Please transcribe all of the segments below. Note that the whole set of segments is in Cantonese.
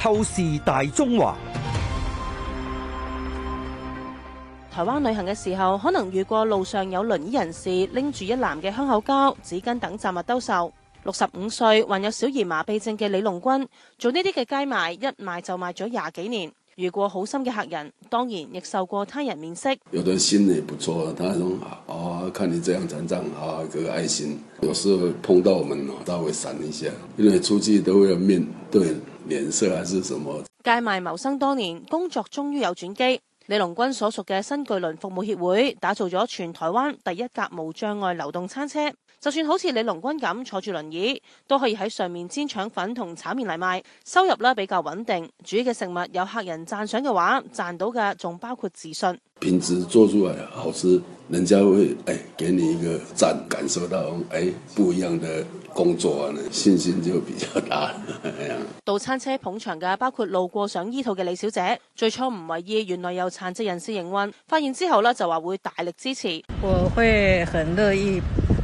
透視大中華。台灣旅行嘅時候，可能遇過路上有輪椅人士拎住一籃嘅香口膠、紙巾等雜物兜售。六十五歲，患有小兒麻痹症嘅李龍君，做呢啲嘅街賣，一賣就賣咗廿幾年。遇過好心嘅客人，當然亦受過他人面色。有的心也不錯，他說：，哦、啊，看你這樣認真啊，個個愛心。有時候碰到我們咯，他會閃一下，因為出去都要面對。連社還是什麼？街賣謀生多年，工作終於有轉機。李龍君所屬嘅新巨輪服務協會，打造咗全台灣第一架無障礙流動餐車。就算好似李龍君咁坐住輪椅，都可以喺上面煎腸粉同炒麵嚟賣，收入咧比較穩定。煮嘅食物有客人讚賞嘅話，賺到嘅仲包括自信。平時做出來好吃，人家會誒、哎、給你一個讚，感受到誒、哎、不一樣的工作，呢信心就比較大。係、哎、到餐車捧場嘅包括路過上醫肚嘅李小姐，最初唔為意，原來有殘疾人士營運，發現之後呢就話會大力支持。我會很樂意，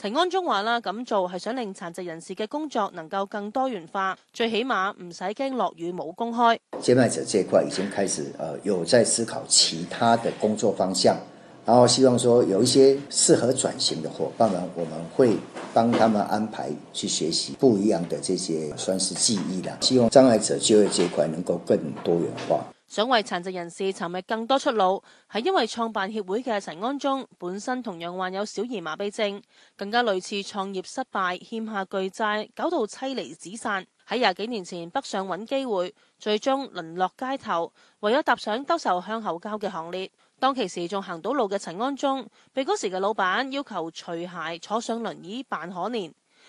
陳安中話啦，咁做係想令殘疾人士嘅工作能夠更多元化，最起碼唔使驚落雨冇工開。障礙者這一塊已經開始，有在思考其他的工作方向，然後希望說有一些適合轉型的夥伴們，我們會幫他們安排去學習不一樣的這些，算是技藝啦。希望障礙者就業這一塊能夠更多元化。想為殘疾人士尋覓更多出路，係因為創辦協會嘅陳安忠本身同樣患有小兒麻痹症，更加類似創業失敗欠下巨債，搞到妻離子散。喺廿幾年前北上揾機會，最終淪落街頭，唯有踏上兜售香口膠嘅行列。當其時仲行到路嘅陳安忠，被嗰時嘅老闆要求除鞋坐上輪椅扮可憐。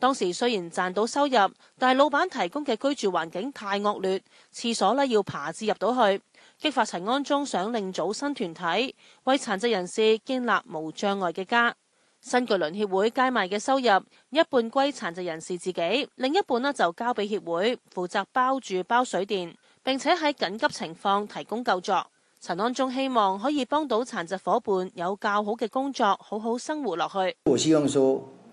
當時雖然賺到收入，但係老闆提供嘅居住環境太惡劣，廁所要爬至入到去，激發陳安忠想另組新團體，為殘疾人士建立無障礙嘅家。新巨輪協會街賣嘅收入一半歸殘疾人士自己，另一半就交俾協會負責包住、包水電，並且喺緊急情況提供救助。陳安忠希望可以幫到殘疾夥伴有較好嘅工作，好好生活落去。我希望說。